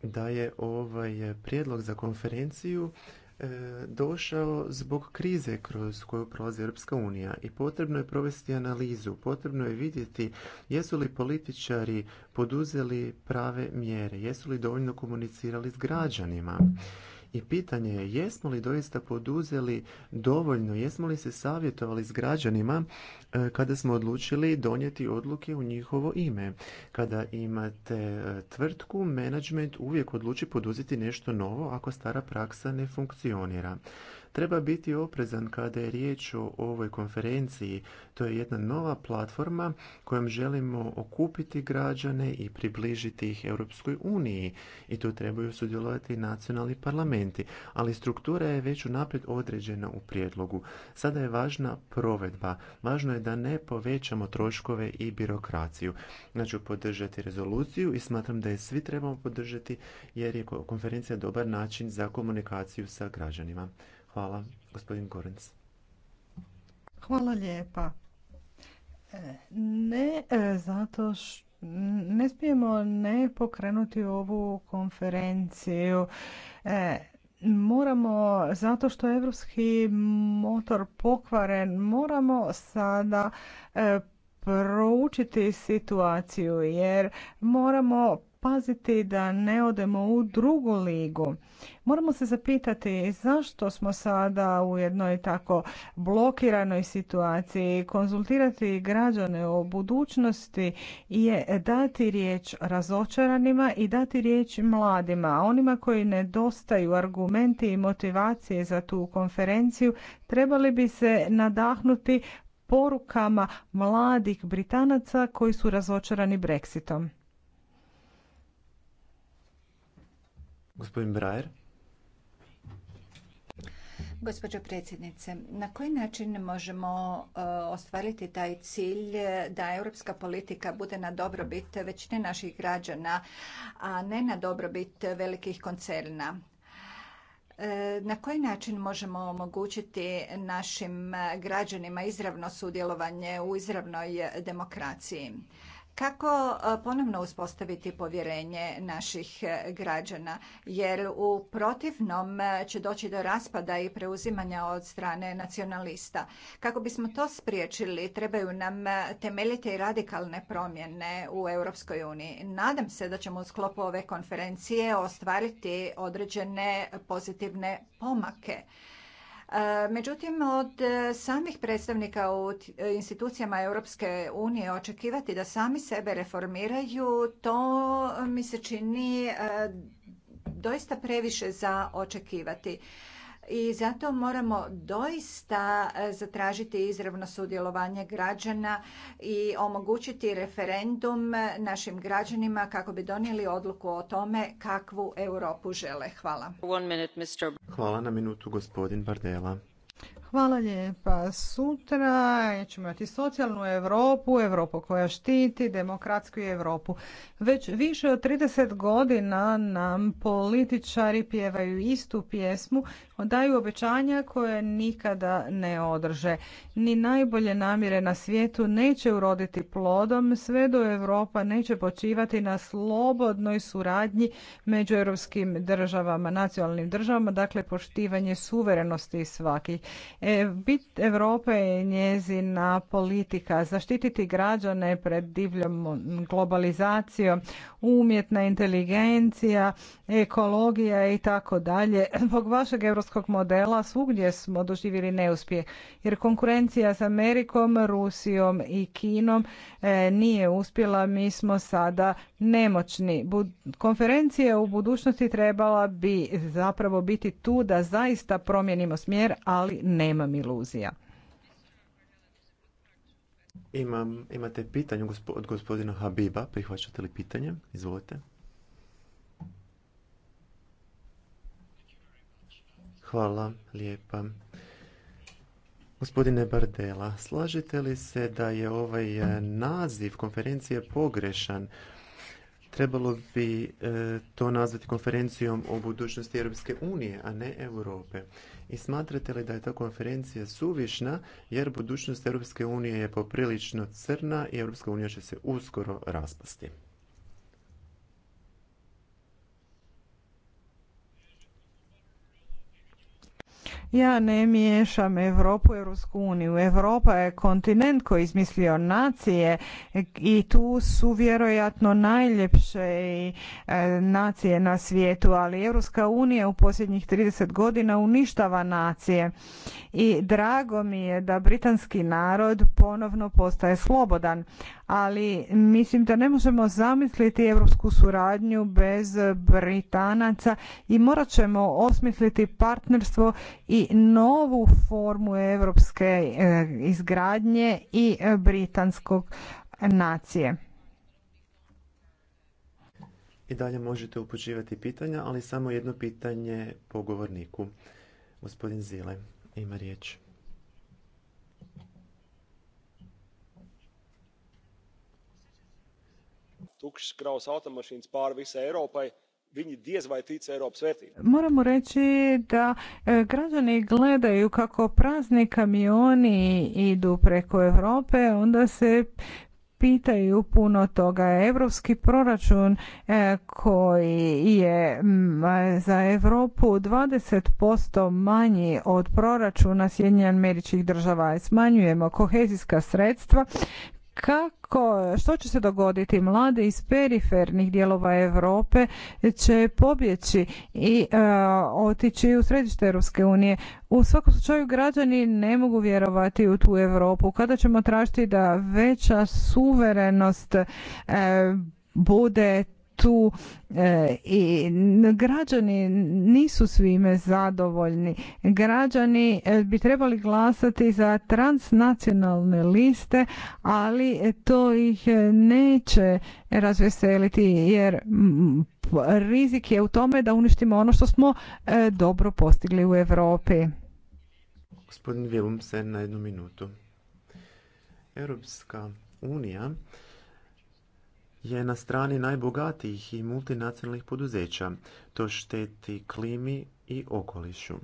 [SPEAKER 3] da je ovaj prijedlog za konferenciju E, došao zbog krize kroz koju prolazi Europska unija i potrebno je provesti analizu, potrebno je vidjeti jesu li političari poduzeli prave mjere, jesu li dovoljno komunicirali s građanima i pitanje je jesmo li doista poduzeli dovoljno, jesmo li se savjetovali s građanima e, kada smo odlučili donijeti odluke u njihovo ime. Kada imate e, tvrtku, menadžment uvijek odluči poduzeti nešto novo ako stara praksa ne funkcionira. Treba biti oprezan kada je riječ o ovoj konferenciji. To je jedna nova platforma kojom želimo okupiti građane i približiti ih Europskoj uniji. I tu trebaju sudjelovati nacionalni parlamenti. Ali struktura je već unaprijed određena u prijedlogu. Sada je važna provedba. Važno je da ne povećamo troškove i birokraciju. Znači, podržati rezoluciju i smatram da je svi trebamo podržati jer je konferencija dobar način za komunikaciju sa građanima. Hvala, gospodin Gorenc.
[SPEAKER 1] Hvala lijepa. E, ne, e, zato što ne smijemo ne pokrenuti ovu konferenciju. E, moramo, zato što je evropski motor pokvaren, moramo sada proučiti situaciju jer moramo paziti da ne odemo u drugu ligu. Moramo se zapitati zašto smo sada u jednoj tako blokiranoj situaciji. Konzultirati građane o budućnosti je dati riječ razočaranima i dati riječ mladima. onima koji nedostaju argumenti i motivacije za tu konferenciju trebali bi se nadahnuti porukama mladih Britanaca koji su razočarani Brexitom.
[SPEAKER 3] Gospodin Brajer.
[SPEAKER 2] Gospođo predsjednice, na koji način možemo e, ostvariti taj cilj da europska politika bude na dobrobit većine naših građana, a ne na dobrobit velikih koncerna? E, na koji način možemo omogućiti našim građanima izravno sudjelovanje u izravnoj demokraciji? Kako e, ponovno uspostaviti povjerenje naših e, građana? Jer u protivnom e, će doći do raspada i preuzimanja od strane nacionalista. Kako bismo to spriječili, trebaju nam temeljite i radikalne promjene u Europskoj uniji. Nadam se da ćemo u sklopu ove konferencije ostvariti određene pozitivne pomake. E, međutim, od e, samih predstavnika u e, institucijama Europske unije očekivati da sami sebe reformiraju, to mi se čini doista previše za očekivati i zato moramo doista e, zatražiti izravno sudjelovanje građana i omogućiti referendum e, našim građanima kako bi donijeli odluku o tome kakvu Europu žele. Hvala.
[SPEAKER 3] Hvala na minutu gospodin Bardela.
[SPEAKER 1] Hvala lijepa. Sutra ćemo imati socijalnu Europu, Europu koja štiti, demokratsku Europu. Već više od 30 godina nam političari pjevaju istu pjesmu, daju obećanja koje nikada ne održe. Ni najbolje namjere na svijetu neće uroditi plodom, sve do Europa neće počivati na slobodnoj suradnji među europskim državama, nacionalnim državama, dakle poštivanje suverenosti svakih. E, bit Europe je njezina politika zaštititi građane pred divljom globalizacijom, umjetna inteligencija, ekologija i tako dalje. Zbog vašeg europskog modela svugdje smo doživjeli neuspjeh jer konkurencija s Amerikom, Rusijom i Kinom e, nije uspjela. Mi smo sada nemoćni. Konferencija u budućnosti trebala bi zapravo biti tu da zaista promijenimo smjer, ali ne nemam iluzija.
[SPEAKER 3] Imam, imate pitanje od gospodina Habiba, prihvaćate li pitanje? Izvolite. Hvala lijepa. Gospodine Bardela, slažete li se da je ovaj eh, naziv konferencije pogrešan? Trebalo bi e, to nazvati konferencijom o budućnosti Europske unije, a ne Europe. I smatrate li da je ta konferencija suvišna jer budućnost Europske unije je poprilično crna i Europska unija će se uskoro raspasti?
[SPEAKER 1] Ja ne miješam Europu i Rusku uniju. Europa je kontinent koji je izmislio nacije i tu su vjerojatno najljepše e, nacije na svijetu, ali Europska unija u posljednjih 30 godina uništava nacije. I drago mi je da britanski narod ponovno postaje slobodan, ali mislim da ne možemo zamisliti europsku suradnju bez Britanaca i morat ćemo osmisliti partnerstvo i novu formu europske e, izgradnje i britanskog nacije.
[SPEAKER 3] I dalje možete upućivati pitanja, ali samo jedno pitanje pogovorniku Gospodin Zile ima riječ. tukšs kraus automašīnas pāri visai Eiropai, Viņi diez vai tic Eiropas vērtībām.
[SPEAKER 1] Moramo reći da e, građani gledaju kako prazni kamioni idu preko Europe, onda se pitaju puno toga. Europski proračun e, koji je za Europu 20% manji od proračuna Sjedinjenih američkih država. Smanjujemo kohezijska sredstva kako, što će se dogoditi? Mlade iz perifernih dijelova Europe će pobjeći i e, otići u središte Europske unije. U svakom slučaju građani ne mogu vjerovati u tu Europu. Kada ćemo tražiti da veća suverenost e, bude tu e, i građani nisu svime zadovoljni. Građani e, bi trebali glasati za transnacionalne liste, ali to ih e, neće razveseliti jer rizik je u tome da uništimo ono što smo dobro postigli u Europi.
[SPEAKER 3] Gospodin Vilum, na jednu minutu. Europska unija je na strani najbogatijih i multinacionalnih poduzeća. To šteti klimi i okolišu.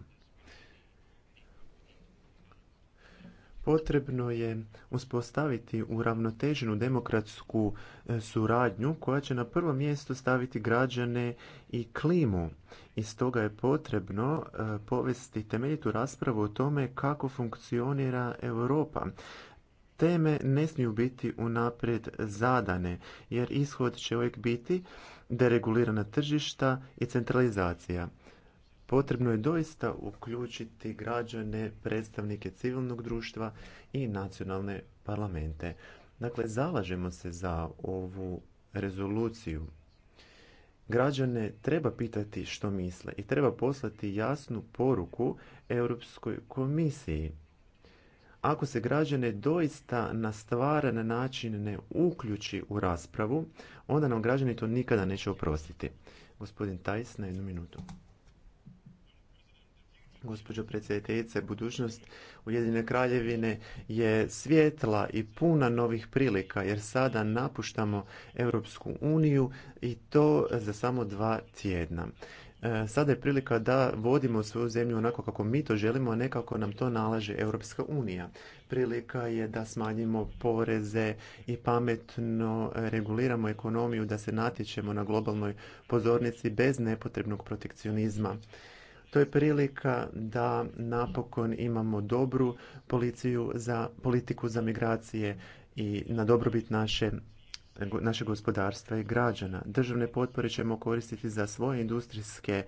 [SPEAKER 3] Potrebno je uspostaviti uravnoteženu demokratsku e, suradnju koja će na prvo mjesto staviti građane i klimu. I stoga je potrebno e, povesti temeljitu raspravu o tome kako funkcionira Europa teme ne smiju biti unaprijed zadane jer ishod će uvijek biti deregulirana tržišta i centralizacija. Potrebno je doista uključiti građane, predstavnike civilnog društva i nacionalne parlamente. Dakle, zalažemo se za ovu rezoluciju. Građane treba pitati što misle i treba poslati jasnu poruku Europskoj komisiji ako se građane doista na stvaran način ne uključi u raspravu, onda nam građani to nikada neće oprostiti. Gospodin Tajs na jednu minutu. Gospođo predsjedateljice, budućnost Ujedinjene kraljevine je svijetla i puna novih prilika jer sada napuštamo Europsku uniju i to za samo dva tjedna. E, sada je prilika da vodimo svoju zemlju onako kako mi to želimo, a ne kako nam to nalaže Europska unija. Prilika je da smanjimo poreze i pametno reguliramo ekonomiju, da se natječemo na globalnoj pozornici bez nepotrebnog protekcionizma. To je prilika da napokon imamo dobru policiju za, politiku za migracije i na dobrobit naše našeg gospodarstva i građana. Državne potpore ćemo koristiti za svoje industrijske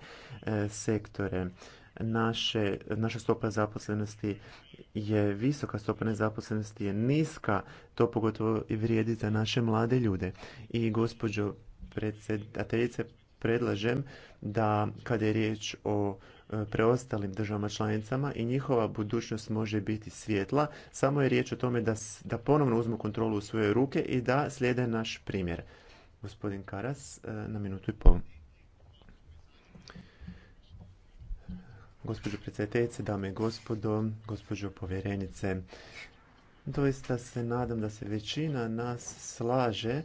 [SPEAKER 3] e, sektore. Naše, naša stopa zaposlenosti je visoka, stopa nezaposlenosti je niska, to pogotovo i vrijedi za naše mlade ljude. I gospođo predsjedateljice, predlažem da kada je riječ o E, preostalim državama članicama i njihova budućnost može biti svjetla. Samo je riječ o tome da, da ponovno uzmu kontrolu u svoje ruke i da slijede naš primjer. Gospodin Karas, e, na minutu i pol. Gospođo predsjedateljice, dame i gospodo, gospođo povjerenice, doista se nadam da se većina nas slaže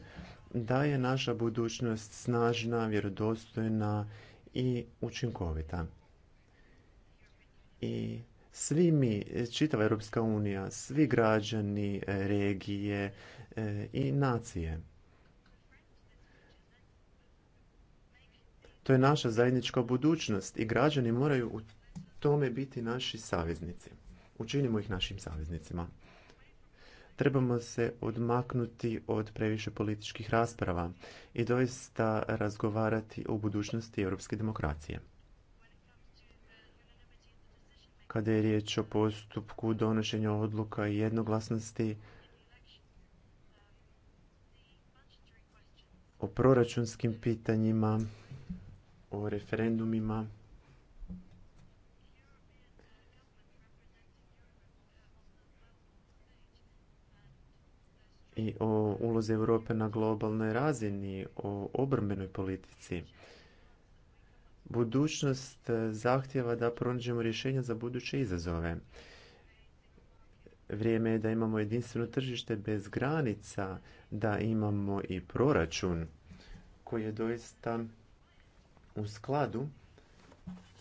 [SPEAKER 3] da je naša budućnost snažna, vjerodostojna i učinkovita i svi mi, čitava Europska unija, svi građani, e, regije e, i nacije. To je naša zajednička budućnost i građani moraju u tome biti naši saveznici. Učinimo ih našim saveznicima. Trebamo se odmaknuti od previše političkih rasprava i doista razgovarati o budućnosti europske demokracije kada je riječ o postupku donošenja odluka i jednoglasnosti o proračunskim pitanjima, o referendumima. i o ulozi Europe na globalnoj razini, o obrmenoj politici budućnost e, zahtjeva da pronađemo rješenja za buduće izazove. Vrijeme je da imamo jedinstveno tržište bez granica, da imamo i proračun koji je doista u skladu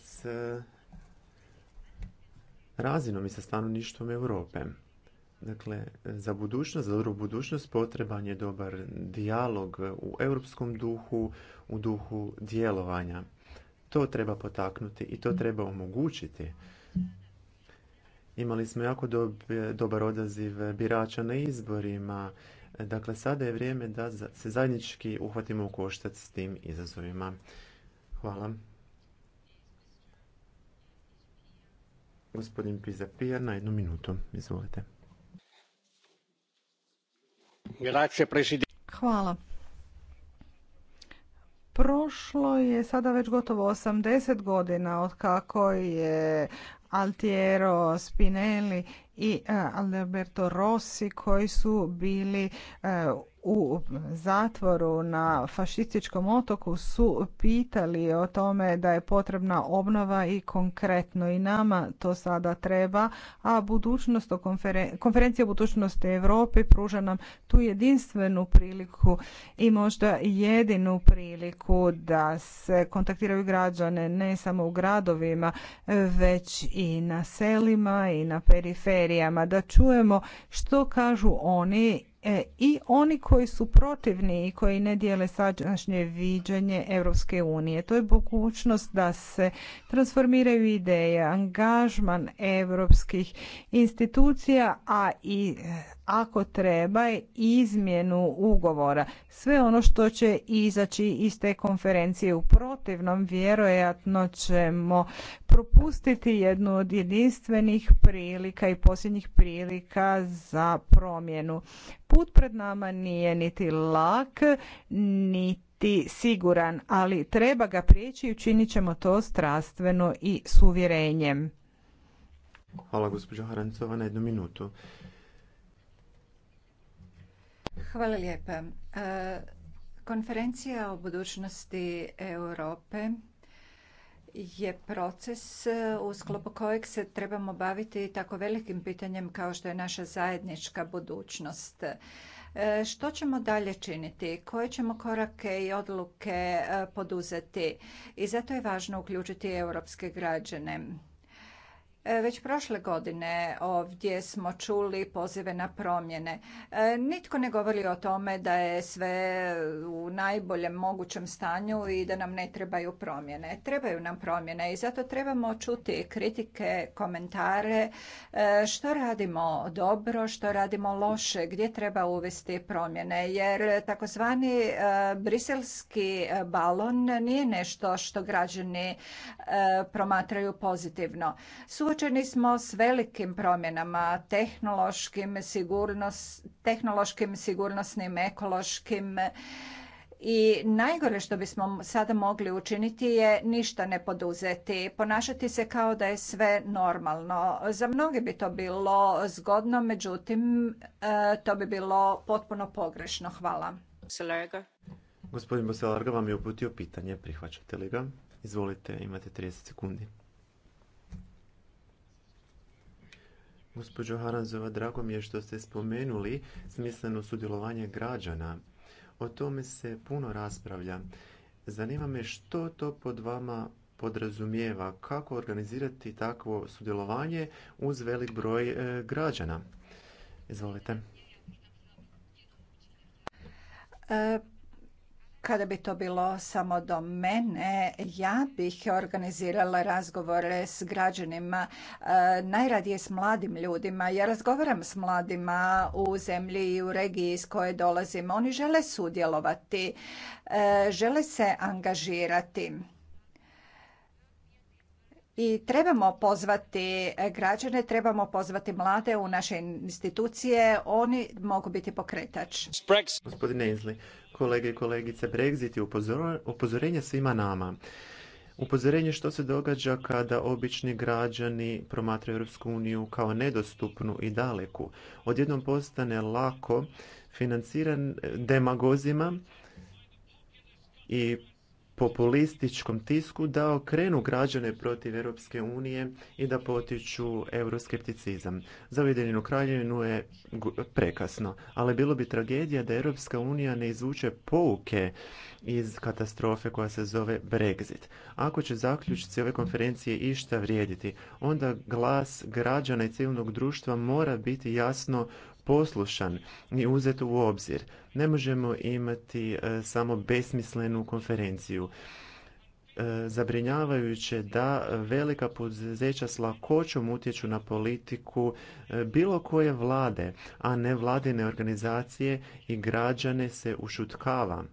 [SPEAKER 3] s razinom i sa stanovništvom Europe. Dakle, za budućnost, za dobru budućnost potreban je dobar dijalog u europskom duhu, u duhu djelovanja. To treba potaknuti i to treba omogućiti. Imali smo jako dobar odaziv birača na izborima. Dakle, sada je vrijeme da se zajednički uhvatimo u koštac s tim izazovima. Hvala. Gospodin Pizapijer, na jednu minutu. Izvolite.
[SPEAKER 1] Hvala. Prošlo je sada već gotovo 80 godina od kako je Altiero Spinelli i eh, Alberto Rossi koji su bili eh, u zatvoru na fašističkom otoku su pitali o tome da je potrebna obnova i konkretno i nama to sada treba, a budućnost, konferencija budućnosti Europe pruža nam tu jedinstvenu priliku i možda jedinu priliku da se kontaktiraju građane ne samo u gradovima, već i na selima i na periferijama, da čujemo što kažu oni E, i oni koji su protivni i koji ne dijele sadašnje viđenje Europske unije. To je mogućnost da se transformiraju ideje, angažman europskih institucija, a i e, ako treba izmjenu ugovora. Sve ono što će izaći iz te konferencije u protivnom vjerojatno ćemo propustiti jednu od jedinstvenih prilika i posljednjih prilika za promjenu. Put pred nama nije niti lak, niti siguran, ali treba ga prijeći i učinit ćemo to strastveno i s uvjerenjem.
[SPEAKER 3] Hvala gospođo Harancova na jednu minutu.
[SPEAKER 2] Hvala lijepa. E, konferencija o budućnosti Europe je proces e, u sklopu kojeg se trebamo baviti tako velikim pitanjem kao što je naša zajednička budućnost. E, što ćemo dalje činiti? Koje ćemo korake i odluke poduzeti? I zato je važno uključiti europske građane. E, već prošle godine ovdje smo čuli pozive na promjene. E, nitko ne govori o tome da je sve u najboljem mogućem stanju i da nam ne trebaju promjene. Trebaju nam promjene i zato trebamo čuti kritike, komentare, e, što radimo dobro, što radimo loše, gdje treba uvesti promjene. Jer takozvani briselski balon nije nešto što građani promatraju pozitivno. Suočeni smo s velikim promjenama, tehnološkim, sigurnos, tehnološkim sigurnosnim, ekološkim i najgore što bismo sada mogli učiniti je ništa ne poduzeti, ponašati se kao da je sve normalno. Za mnoge bi to bilo zgodno, međutim e, to bi bilo potpuno pogrešno. Hvala.
[SPEAKER 3] Gospodin Boselarga vam je uputio pitanje, prihvaćate li ga? Izvolite, imate 30 sekundi. Gospođo Haranzova, drago mi je što ste spomenuli smisleno sudjelovanje građana. O tome se puno raspravlja. Zanima me što to pod vama podrazumijeva, kako organizirati takvo sudjelovanje uz velik broj e, građana. Izvolite.
[SPEAKER 2] E, kada bi to bilo samo do mene, ja bih organizirala razgovore s građanima, e, najradije s mladim ljudima. Ja razgovaram s mladima u zemlji i u regiji iz koje dolazim. Oni žele sudjelovati, e, žele se angažirati i trebamo pozvati građane, trebamo pozvati mlade u naše institucije, oni mogu biti
[SPEAKER 3] pokretač. Gospodine Inzli, kolege i kolegice, Brexit je upozorenje svima nama. Upozorenje što se događa kada obični građani promatraju Europsku uniju kao nedostupnu i daleku. Odjednom postane lako financiran demagozima i populističkom tisku da okrenu građane protiv Europske unije i da potiču euroskepticizam. Za Ujedinjenu kraljevinu je prekasno, ali bilo bi tragedija da Europska unija ne izvuče pouke iz katastrofe koja se zove Brexit. Ako će zaključci ove konferencije išta vrijediti, onda glas građana i civilnog društva mora biti jasno poslušan i uzet u obzir. Ne možemo imati e, samo besmislenu konferenciju e, zabrinjavajuće da velika poduzeća s lakoćom utječu na politiku e, bilo koje vlade, a ne vladine organizacije i građane se ušutkava.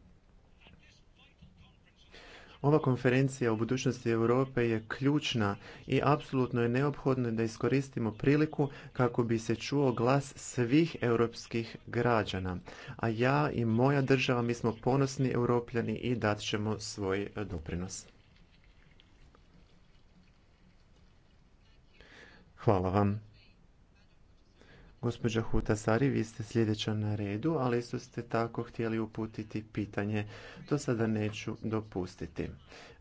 [SPEAKER 3] Ova konferencija o budućnosti Europe je ključna i apsolutno je neophodno da iskoristimo priliku kako bi se čuo glas svih europskih građana. A ja i moja država, mi smo ponosni europljani i dat ćemo svoj doprinos. Hvala vam. Gospođa Hutasari, vi ste sljedeća na redu, ali isto ste tako htjeli uputiti pitanje. To sada neću dopustiti.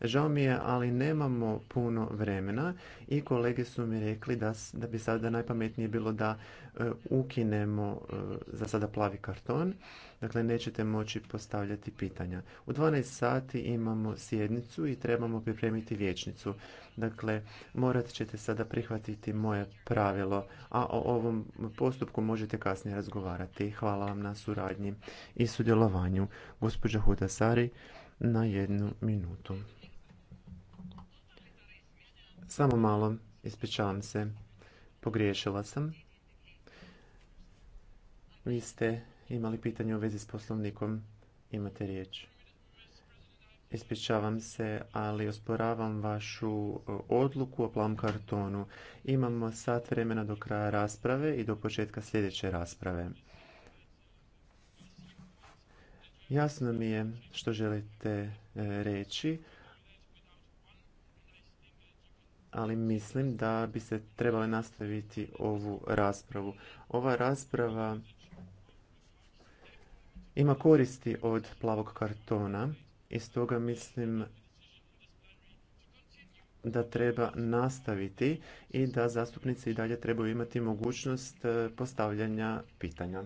[SPEAKER 3] Žao mi je, ali nemamo puno vremena i kolege su mi rekli da, da bi sada najpametnije bilo da E, ukinemo e, za sada plavi karton, dakle nećete moći postavljati pitanja. U 12 sati imamo sjednicu i trebamo pripremiti vječnicu. Dakle, morat ćete sada prihvatiti moje pravilo, a o ovom postupku možete kasnije razgovarati. Hvala vam na suradnji i sudjelovanju. Gospođa Hudasari na jednu minutu. Samo malo, ispričavam se, pogriješila sam. Vi ste imali pitanje u vezi s poslovnikom. Imate riječ. Ispričavam se, ali osporavam vašu e, odluku o plavom kartonu. Imamo sat vremena do kraja rasprave i do početka sljedeće rasprave. Jasno mi je što želite e, reći, ali mislim da bi se trebali nastaviti ovu raspravu. Ova rasprava ima koristi od plavog kartona i stoga mislim da treba nastaviti i da zastupnici i dalje trebaju imati mogućnost e, postavljanja pitanja.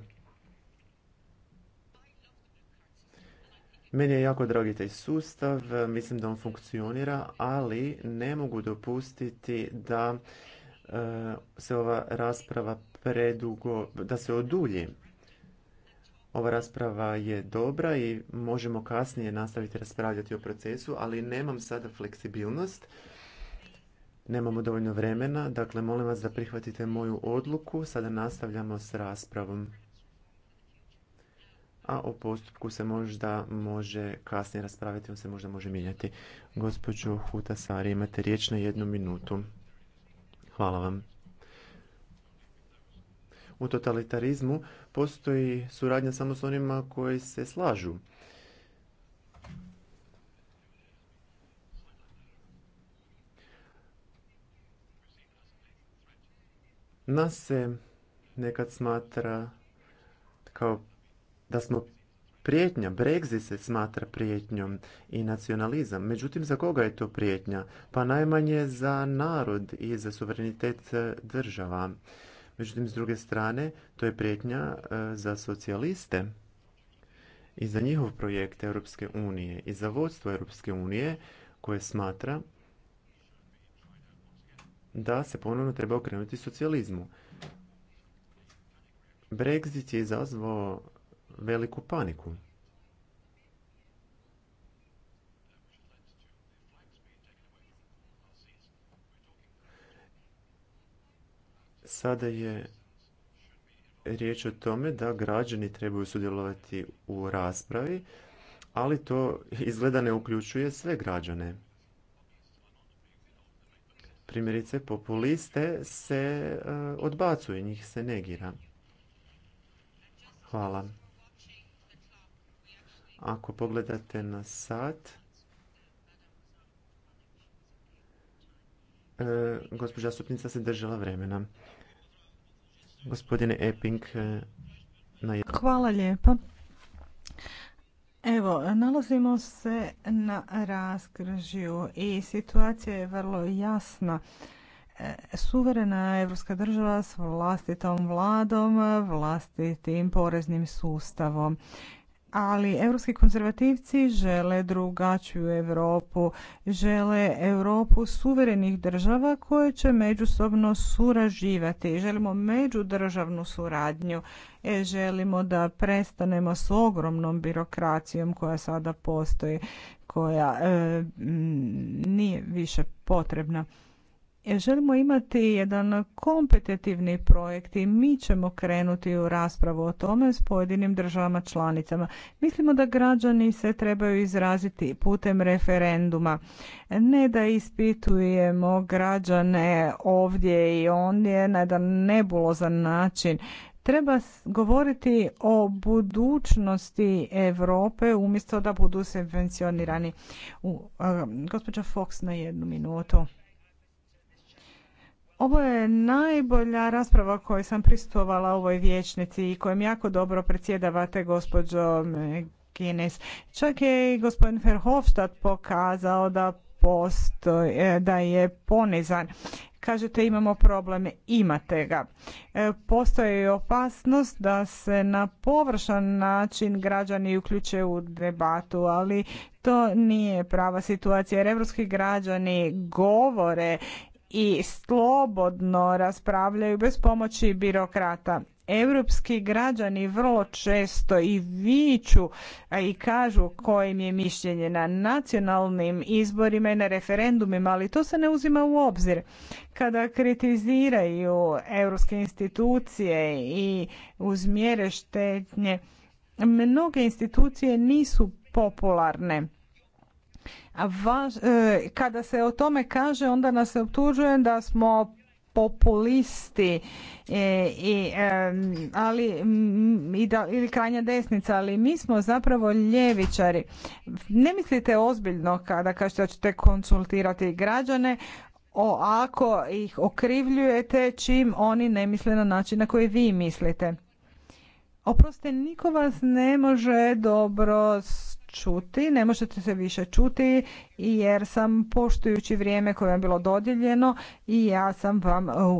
[SPEAKER 3] Meni je jako dragi taj sustav, e, mislim da on funkcionira, ali ne mogu dopustiti da e, se ova rasprava predugo, da se odulji. Ova rasprava je dobra i možemo kasnije nastaviti raspravljati o procesu, ali nemam sada fleksibilnost. Nemamo dovoljno vremena, dakle molim vas da prihvatite moju odluku. Sada nastavljamo s raspravom. A o postupku se možda može kasnije raspraviti, on se možda može mijenjati. Gospođo Hutasari, imate riječ na jednu minutu. Hvala vam u totalitarizmu postoji suradnja samo s onima koji se slažu. Nas se nekad smatra kao da smo prijetnja. Brexit se smatra prijetnjom i nacionalizam. Međutim, za koga je to prijetnja? Pa najmanje za narod i za suverenitet država. Međutim, s druge strane, to je prijetnja e, za socijaliste i za njihov projekt Europske unije i za vodstvo Europske unije koje smatra da se ponovno treba okrenuti socijalizmu. Brexit je izazvao veliku paniku. Sada je riječ o tome da građani trebaju sudjelovati u raspravi, ali to izgleda ne uključuje sve građane. Primjerice, populiste se e, odbacuje, njih se negira. Hvala. Ako pogledate na sat, e, gospođa Stupnica se držala vremena. Gospodine Epping, eh, na...
[SPEAKER 1] Hvala lijepa. Evo, nalazimo se na raskržju i situacija je vrlo jasna. E, suverena evropska država s vlastitom vladom, vlastitim poreznim sustavom ali europski konzervativci žele drugačiju Europu, žele Europu suverenih država koje će međusobno surađivati. Želimo međudržavnu suradnju, e, želimo da prestanemo s ogromnom birokracijom koja sada postoji, koja e, nije više potrebna. Želimo imati jedan kompetitivni projekt i mi ćemo krenuti u raspravu o tome s pojedinim državama članicama. Mislimo da građani se trebaju izraziti putem referenduma. Ne da ispitujemo građane ovdje i ondje na jedan nebulozan način. Treba govoriti o budućnosti Europe umjesto da budu subvencionirani. Gospođa Fox na jednu minutu. Ovo je najbolja rasprava koju sam pristovala u ovoj vječnici i kojom jako dobro predsjedavate gospođo Guinness. Čak je i gospodin Verhofstadt pokazao da e, da je ponizan. Kažete imamo problem, imate ga. E, postoji opasnost da se na površan način građani uključe u debatu, ali to nije prava situacija jer evropski građani govore i slobodno raspravljaju bez pomoći birokrata. Europski građani vrlo često i viču a i kažu kojim je mišljenje na nacionalnim izborima i na referendumima, ali to se ne uzima u obzir. Kada kritiziraju europske institucije i uz mjere štetnje, mnoge institucije nisu popularne e, kada se o tome kaže, onda nas se optužuje da smo populisti e, i, e, ali, ili krajnja desnica, ali mi smo zapravo ljevičari. Ne mislite ozbiljno kada kažete da ćete konsultirati građane, o, ako ih okrivljujete čim oni ne misle na način na koji vi mislite. Oprostite, niko vas ne može dobro čuti, ne možete se više čuti jer sam poštujući vrijeme koje vam je bilo dodijeljeno i ja sam vam uh,